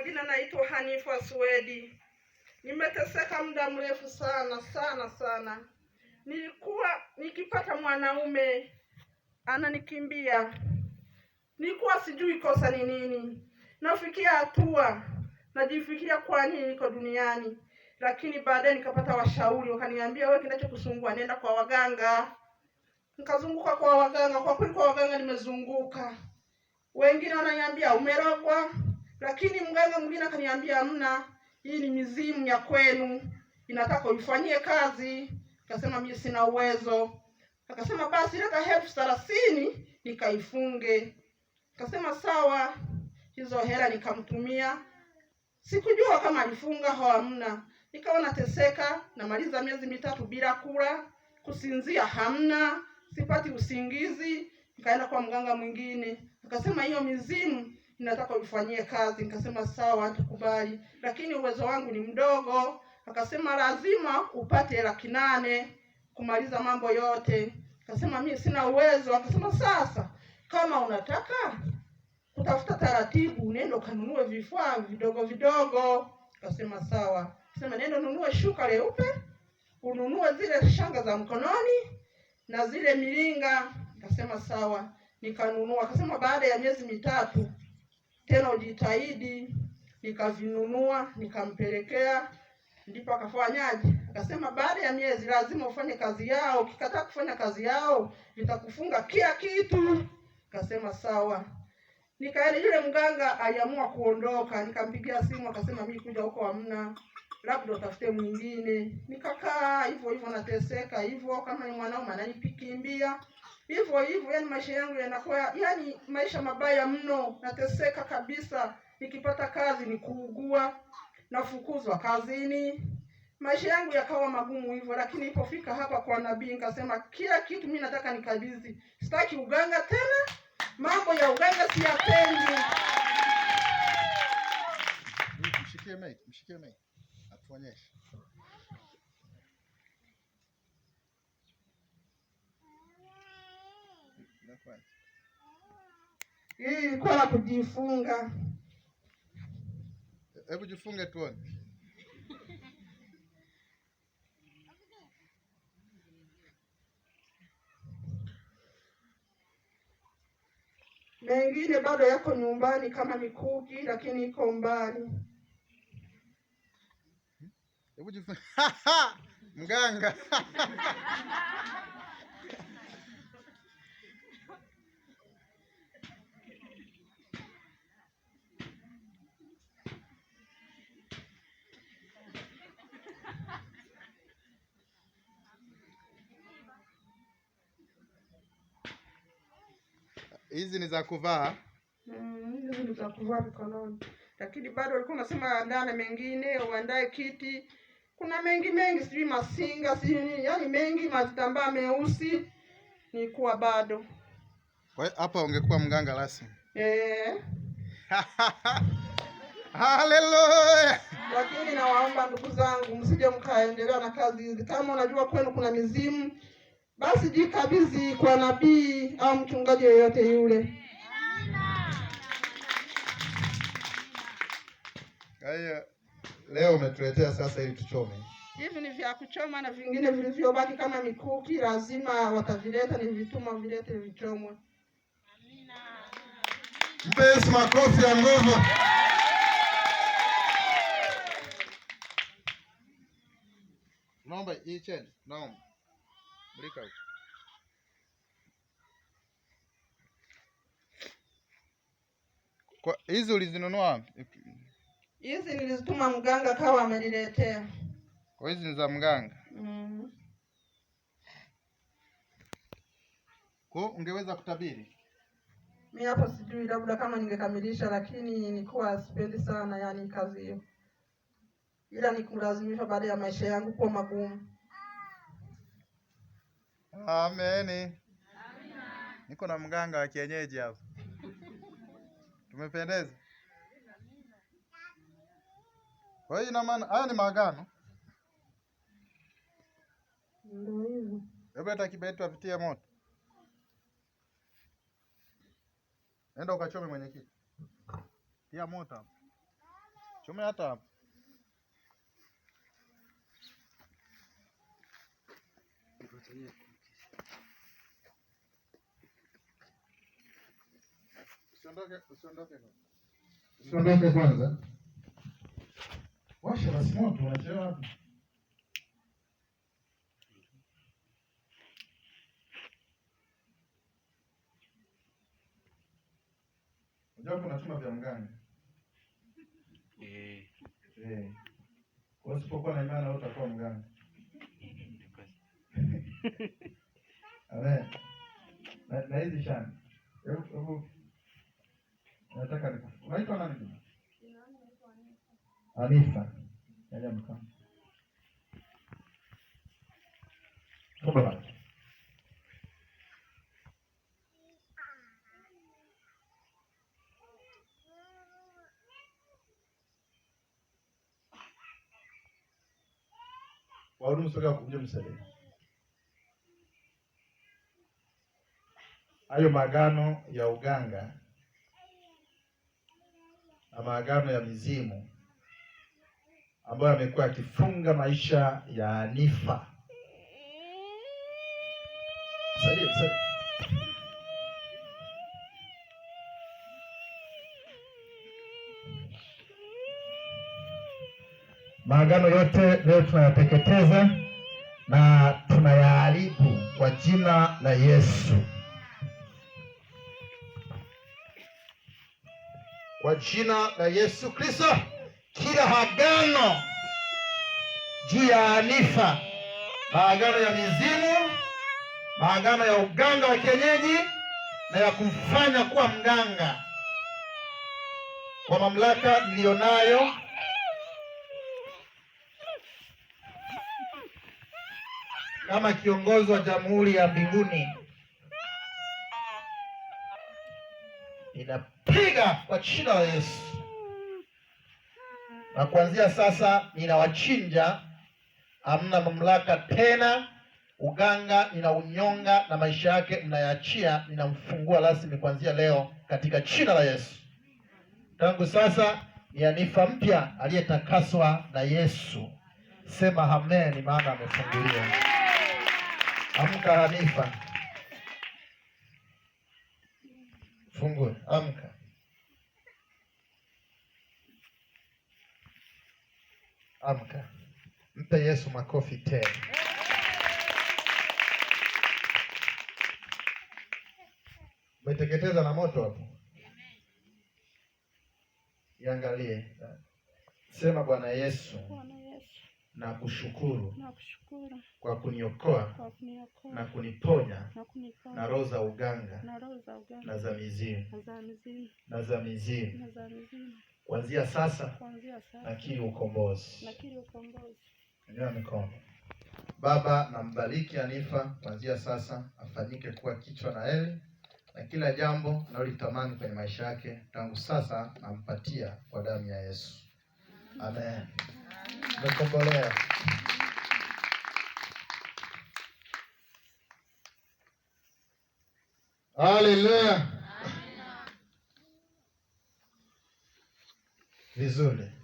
majina naitwa Hanifa Swedi. Nimeteseka muda mrefu sana sana sana. Nilikuwa nikipata mwanaume ananikimbia, nilikuwa sijui kosa ni nini. Nafikia hatua najifikiria kwa nini niko duniani, lakini baadaye nikapata washauri wakaniambia, wewe kinachokusumbua nenda kwa waganga. Nikazunguka kwa waganga, kwa kweli kwa waganga nimezunguka, wengine wananiambia umerogwa lakini mganga mwingine akaniambia hamna, hii ni mizimu ya kwenu, inataka uifanyie kazi. Akasema mimi sina uwezo. Akasema basi leta elfu thelathini nikaifunge. Akasema sawa. Hizo hela nikamtumia, sikujua kama alifunga au hamna. Nikawa nateseka, namaliza miezi mitatu bila kula, kusinzia hamna, sipati usingizi. Nikaenda kwa mganga mwingine, akasema hiyo mizimu ninataka ulifanyie kazi. Nikasema sawa, hatukubali, lakini uwezo wangu ni mdogo. Akasema lazima upate laki nane kumaliza mambo yote. Akasema mimi sina uwezo. Akasema sasa, kama unataka kutafuta taratibu, nenda ukanunue vifaa vidogo vidogo. Akasema sawa. Akasema nenda ununue shuka leupe, ununue zile shanga za mkononi na zile milinga. Akasema sawa, nikanunua. Akasema baada ya miezi mitatu tena ujitahidi. Nikavinunua nikampelekea, ndipo akafanyaje? Akasema baada ya miezi lazima ufanye kazi yao, ukikataa kufanya kazi yao vitakufunga kila kitu. Akasema sawa. Nikaenda, yule mganga aliamua kuondoka. Nikampigia simu, akasema mimi kuja huko hamna, labda utafute mwingine. Nikakaa hivyo hivyo, nateseka hivyo, kama ni mwanaume ananipikimbia hivyo hivyo, yani maisha yangu yanakuwa yani maisha mabaya mno, nateseka kabisa. Nikipata kazi ni kuugua, nafukuzwa kazini, maisha yangu yakawa magumu hivyo. Lakini ipofika hapa kwa nabii, nikasema kila kitu mimi nataka nikabidhi, sitaki uganga tena, mambo ya uganga siyapendi. Mshikie atuonyeshe Hii eh, ilikuwa la kujifunga. Hebu jifunge tuone. Mengine bado yako nyumbani kama mikuki, lakini iko mbali. Hebu jifunge mganga Hizi ni za kuvaa mm, hizi ni za kuvaa mkononi, lakini bado walikuwa unasema andana mengine, uandae kiti. Kuna mengi mengi, sijui masinga, sijui nini, yaani mengi, matambaa meusi. nikuwa bado kwa hapa, ungekuwa mganga rasmi eh. Haleluya! Lakini nawaomba ndugu zangu, msije mkaendelea na kazi hizi. Kama unajua kwenu kuna mizimu basi jikabidhi kwa nabii au mchungaji yoyote yule. Haya, leo umetuletea sasa ili tuchome. Hivi ni vya kuchoma na vingine vilivyobaki kama mikuki, lazima watavileta, ni vituma vilete vichomwe. Mpe Yesu makofi ya nguvu. Naomba, naomba. Mulika huko. Kwa hizi ulizinunua? Hizi nilizituma mganga kawa ameniletea. Kwa hizi ni za mganga. Mm. Kwa ungeweza kutabiri? Mimi hapo sijui, labda kama ningekamilisha, lakini nikuwa sipendi sana yani kazi hiyo, ila nikulazimisha baada ya maisha yangu kuwa magumu. Ameni. Niko na mganga wa kienyeji hapa. Tumependeza. Kwa hiyo ina maana haya ni maagano. Ndio hivyo. Hebu hata kibetu apitie moto. Nenda ukachome mwenyekiti. Tia moto hapo. Chome hata hapo. Usiondoke kwanza, washa basi moto. Unachelewa hapa. Unajua kuna chuma vya mganga eh, eh, kwa usipokuwa na imani utakuwa mgani. Amen. Na hizi shani. Hebu Nataka nikufu. Unaitwa nani? naitwa Anisa. Yaja mkama. Kumbe baba. Wahudumu sogea kuja msaliti. Hayo magano ya uganga na maagano ya mizimu ambayo amekuwa akifunga maisha ya Anifa. Sadio, sadio. Maagano yote leo tunayateketeza na tunayaharibu kwa jina la Yesu. Kwa jina la Yesu Kristo, kila hagano juu ya anifa maagano ya mizimu, maagano ya uganga wa kienyeji na ya kumfanya kuwa mganga, kwa mamlaka niliyonayo kama kiongozi wa Jamhuri ya Mbinguni ninapiga kwa jina la Yesu, na kuanzia sasa ninawachinja. Hamna mamlaka tena, uganga ninaunyonga, na maisha yake mnayaachia, ninamfungua rasmi kuanzia leo katika jina la Yesu. Tangu sasa ni anifa mpya aliyetakaswa na Yesu. Sema amen, maana amefunguliwa. Amka Hanifa. Fungue, amka. Amka, mpe Yesu makofi tena. Umeteketeza na moto hapo, iangalie, sema Bwana Yesu na kushukuru kwa kuniokoa na kuniponya na roho za uganga na za mizimu na za mizimu. Kuanzia sasa nakiri ukombozi. Nyanyua mikono. Baba, nambariki anifa kuanzia sasa, afanyike kuwa kichwa na heli na kila jambo analolitamani kwenye maisha yake tangu sasa nampatia kwa damu ya Yesu. Amen. Allez colère. Alléluia.